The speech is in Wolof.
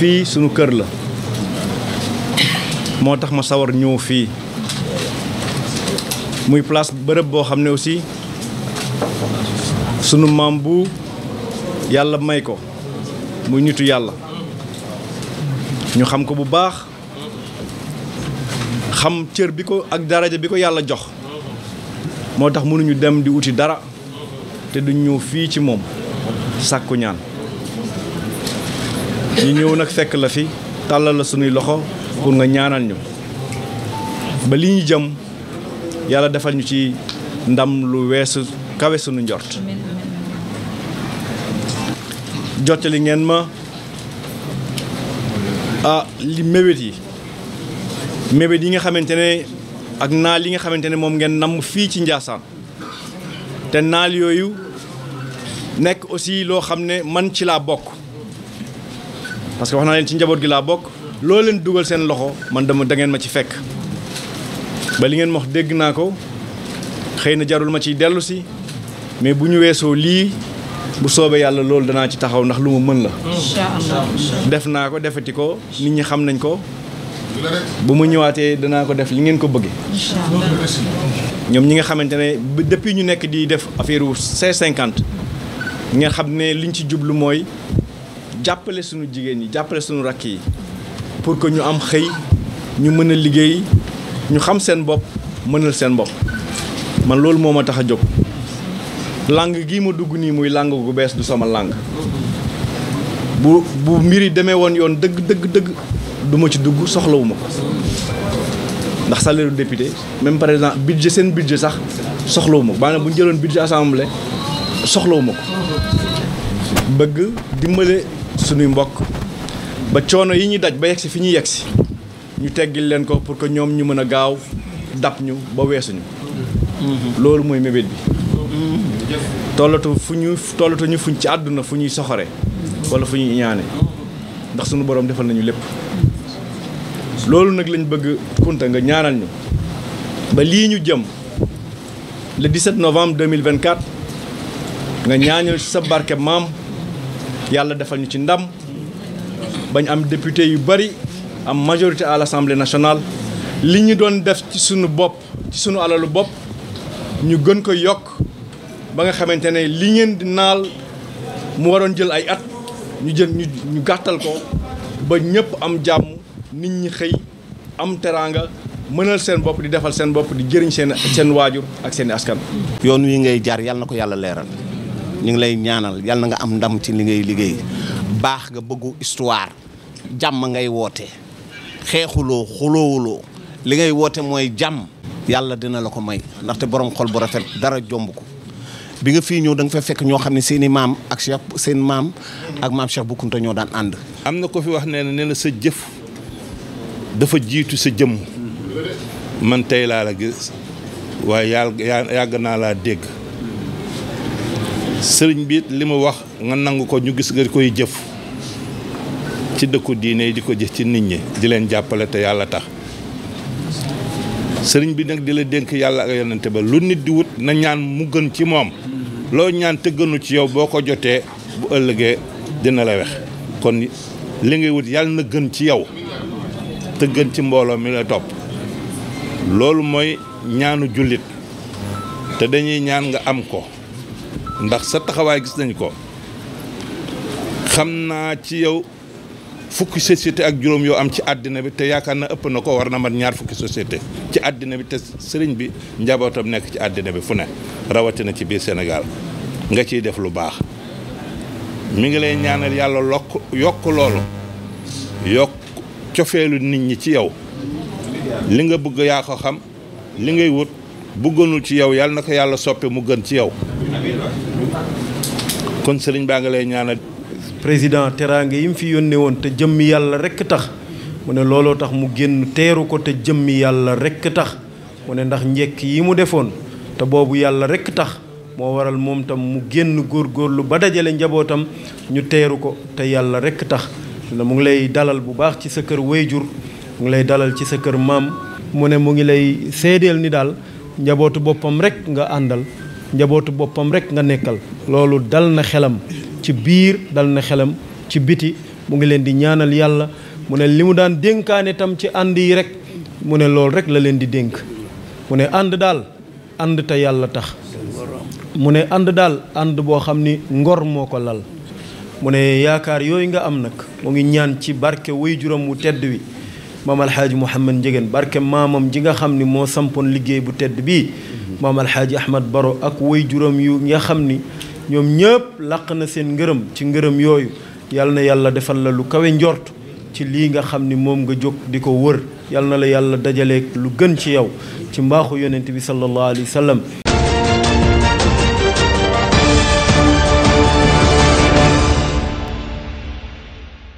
Fi sunu kër la moo tax ma sawar ñëw fii muy place bërëb boo aussi sunu mambu yalla maiko, may ko muy nitu yàlla ñu xam ko bu baax xam cër bi ko ak daraja bi ko jox moo dem di dara te du ñëw fii ci ñaan ñu ñëw nag fekk la fi tàllal la sunuy loxo pour nga ñaanal ñu ba li ñu jëm yàlla defal ñu ci ndam lu weesu kawe sunu njort jottali ngeen ma ah li mébét yi mébét yi nga xamante ne ak naal yi nga xamante ne moom ngeen namm fii ci Njaasaan te naal yooyu nekk aussi loo xam ne man ci laa bokk parce que wax naa leen ci njaboot gi laa bokk loo leen dugal seen loxo man dama da ngeen ma ci fekk ba li ngeen wax dégg naa ko xëy na jarul ma ciy dellu si mais bu ñu weesoo lii bu soobee yàlla loolu danaa ci taxaw ndax lu ma mën la def naa ko defati ko nit ñi xam nañ ko bu ma ñëwaatee danaa ko def li ngeen ko bëggee ñoom ñi nga xamante ne depuis ñu nekk di def affaire u C50 ngeen xam ne liñ ci jublu mooy jàppale suñu jigéen ñi jàppale suñu rakk yi pour que ñu am xëy ñu mën a liggéey ñu xam seen bopp mënal seen bopp man loolu moo ma tax a jóg làng gii ma dugg nii muy làng gu bees du sama làng bu bu mbir yi demee woon yoon dëgg dëgg dëgg du ma ci dugg soxlawuma ko ndax salaire député même par exemple budget seen budget sax soxlawuma ko maanaam bu ñu jëloon budget assemblée soxlawuma ko bëgg dimbale suñuy mbokk ba coono yi ñuy daj ba yegsi fi ñuy yegsi ñu teggil leen ko pour que ñoom ñu mën a gaaw dab ñu ba weesuñu mm-hmm. loolu mooy mébét bi mm-hmm. tollatu ñu tollatu fuñ ci àdduna fu ñuy soxore wala fu ñuy ñaane ndax sunu borom defal nañu lépp loolu nag lañ bëgg kunta nga ñaanal ñu ba lii ñu jëm le 17 novembre 2024 nga ñaanal sa barke maam yàlla defal ñu ci ndam bañ am député yu bari am majorité à l'Assemblée nationale li ñu doon def ci sunu bopp ci sunu alalu bopp ñu gën ko yokk ba nga xamante ne li ngeen di naal mu waroon jël ay at ñu jël ñu gàttal ko ba ñëpp am jàmm nit ñi xëy am teraanga mënal seen bopp di defal seen bopp di jëriñ seen seen waajur ak seen askan. yoon wi ngay jaar yàlla na ko yàlla leeral. ñu ngi lay ñaanal yal na nga am ndam ci li liggéey baax nga bëggu histoire jàmm ngay woote xeexuloo xuloowuloo li ngay woote mooy jàmm yàlla dina la ko may ndaxte borom xol bu rafet dara jomb ko bi nga fii ñëw danga nga fekk ñoo xam ne seen i maam ak Cheikh seen maam ak maam Cheikh Bou Kounta ñoo daan ànd am na ko fi wax nee na nee na sa jëf dafa jiitu sa jëmm man tey laa la gis waaye yàgg naa laa dégg sëriñ bi li mu wax nga nangu ko ñu gis nga koy jëf ci dëkku diine yi di ko jëf ci nit ñi di leen jàppale te yàlla tax sëriñ bi nag di la dénk yàlla ak yonante ba lu nit di wut na ñaan mu gën ci moom loo ñaan te gënu ci yow boo ko jotee bu ëllëgee dina la wex kon li ngay wut yàlla na gën ci yow te gën ci mbooloo mi la topp loolu mooy ñaanu jullit te dañuy ñaan nga am ko ndax sa taxawaay gis nañ ko xam naa ci yow fukki société ak juróom yoo am ci àddina bi te yaakaar na ëpp na ko war na mat ñaar fukki société ci àddina bi te sëriñ bi njabootam nekk ci àddina bi fu ne rawatina ci biir senegal nga ciy def lu baax mu ngi lay ñaanal yàlla lokk yokk loolu yokk cofeelu nit ñi ci yow li nga bëgg yaa ko xam li ngay wut bëggoonul ci yow yàlla na ko yàlla soppe mu gën ci yow kon sëriñ baa nga lay ñaanal. président teraanga yi mu fi yónnee woon te jëmmi yàlla rekk tax mu ne looloo tax mu génn teeru ko te jëmmi yàlla rekk tax mu ndax njekk yi mu defoon te boobu yàlla rekk tax moo waral moom tam mu génn góor góorgóorlu ba dajale njabootam ñu teeru ko te yàlla rekk tax mu ngi lay dalal bu baax ci sa kër wayjur mu ngi lay dalal ci sa kër maam mu ne mu ngi lay seedeel ni daal njabootu boppam rekk nga àndal njabootu boppam rek nga nekkal loolu dal na xelam ci biir dal na xelam ci biti mu ngi leen di ñaanal yàlla mu ne li mu daan dénkaane tam ci ànd yi rek mu ne loolu rek la leen di dénk mu ne ànd daal ànd te yàlla tax mu ne ànd daal ànd boo xam ni ngor moo ko lal mu ne yaakaar yooyu nga am nag mu ngi ñaan ci barke way juróom wu tedd wi barke maamam ji nga xam ni moo sampoon liggéey bu tedd bii maam alxaaji ahmad baro ak woy juróom yu nga xam ni ñoom ñëpp làq na seen ngërëm ci ngërëm yooyu yal na yàlla defal la lu kawe njort ci lii nga xam ni moom nga jóg di ko wër yal na la yàlla dajaleeg lu gën ci yow ci mbaaxu yonent bi sallallahu alayhi wa sallam